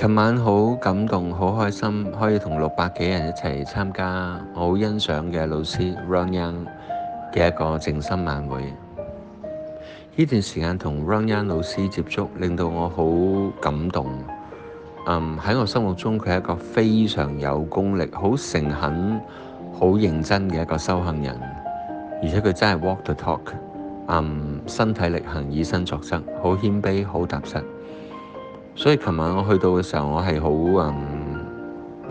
琴晚好感動，好開心，可以同六百幾人一齊參加我好欣賞嘅老師 Ron Young 嘅一個靜心晚會。呢段時間同 Ron Young 老師接觸，令到我好感動。嗯，喺我心目中佢係一個非常有功力、好誠懇、好認真嘅一個修行人，而且佢真係 walk the talk。嗯，身體力行，以身作則，好謙卑，好踏實。所以琴晚我去到嘅時候，我係好嗯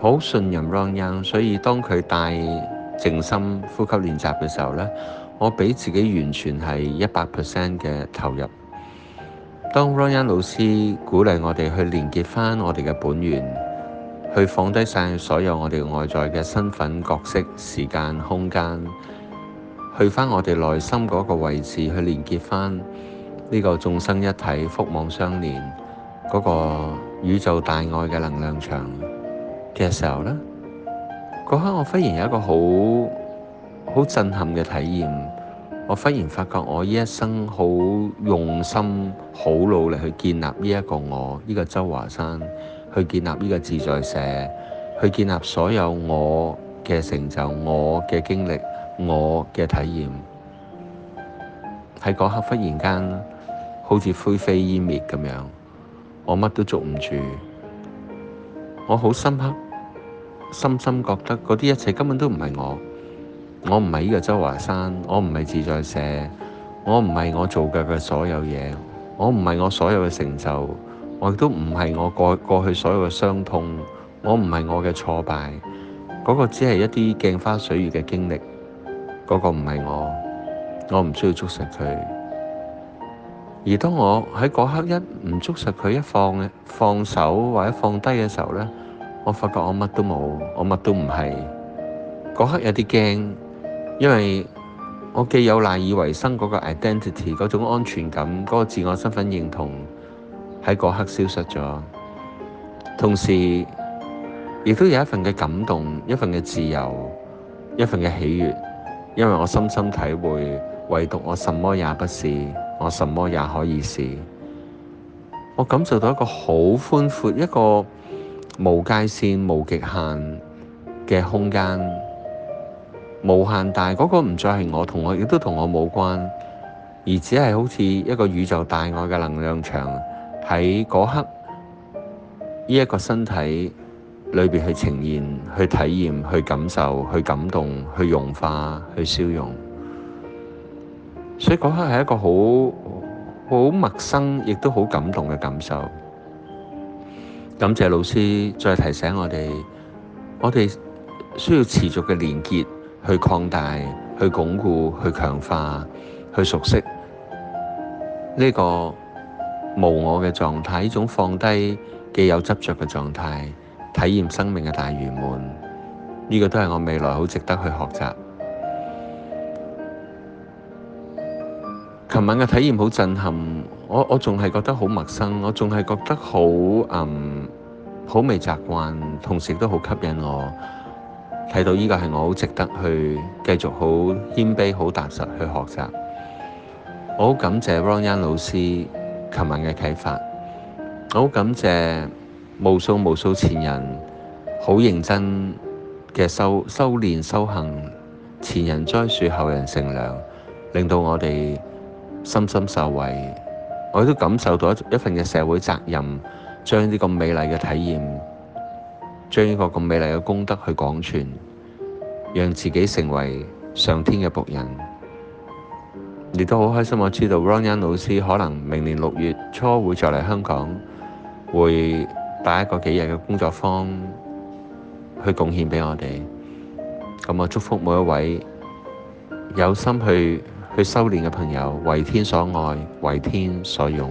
好信任 Ron，所以當佢帶靜心呼吸練習嘅時候咧，我俾自己完全係一百 percent 嘅投入。當 Ron 老師鼓勵我哋去連結翻我哋嘅本源，去放低晒所有我哋外在嘅身份角色、時間空間，去翻我哋內心嗰個位置，去連結翻呢個眾生一體福網相連。嗰個宇宙大愛嘅能量場嘅時候呢，嗰刻我忽然有一個好好震撼嘅體驗。我忽然發覺，我呢一生好用心、好努力去建立呢一個我，呢個周華山去建立呢個自在社，去建立所有我嘅成就、我嘅經歷、我嘅體驗，喺嗰刻忽然間好似灰飛煙滅咁樣。我乜都捉唔住，我好深刻，深深覺得嗰啲一切根本都唔係我，我唔係呢個周華山，我唔係自在社，我唔係我做過嘅所有嘢，我唔係我所有嘅成就，我亦都唔係我過過去所有嘅傷痛，我唔係我嘅挫敗，嗰個只係一啲鏡花水月嘅經歷，嗰個唔係我，我唔需要捉實佢。而當我喺嗰刻一唔捉實佢一放放手或者放低嘅時候呢，我發覺我乜都冇，我乜都唔係。嗰刻有啲驚，因為我既有賴以為生嗰個 identity 嗰種安全感，嗰個自我身份認同喺嗰刻消失咗，同時亦都有一份嘅感動，一份嘅自由，一份嘅喜悅，因為我深深體會，唯獨我什麼也不是。我什麼也可以試，我感受到一個好寬闊、一個無界線、無極限嘅空間，無限大。嗰、那個唔再係我，同我亦都同我冇關，而只係好似一個宇宙大愛嘅能量場喺嗰刻呢一個身體裏邊去呈現、去體驗、去感受、去感動、去融化、去消融。所以嗰刻係一個好好陌生，亦都好感動嘅感受。感謝老師再提醒我哋，我哋需要持續嘅連結，去擴大、去鞏固、去強化、去熟悉呢個無我嘅狀態，呢種放低既有執着嘅狀態，體驗生命嘅大圓滿。呢個都係我未來好值得去學習。琴晚嘅體驗好震撼，我我仲係覺得好陌生，我仲係覺得好嗯好未習慣，同時都好吸引我睇到依個係我好值得去繼續好謙卑、好踏實去學習。我好感謝 Ron Young 老師琴晚嘅啟發，我好感謝無數無數前人好認真嘅修修練修行，前人栽樹，後人乘涼，令到我哋，深深受惠，我都感受到一一份嘅社會責任，將呢啲咁美麗嘅體驗，將呢個咁美麗嘅功德去廣傳，讓自己成為上天嘅僕人。亦都好開心，我知道 Ron Young 老師可能明年六月初會再嚟香港，會帶一個幾日嘅工作坊去貢獻俾我哋。咁我祝福每一位有心去。去修練嘅朋友，為天所愛，為天所用。